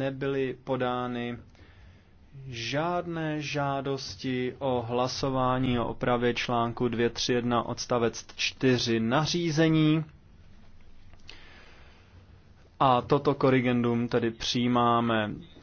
nebyly podány žádné žádosti o hlasování o opravě článku 231 odstavec 4 nařízení. A toto korrigendum tedy přijímáme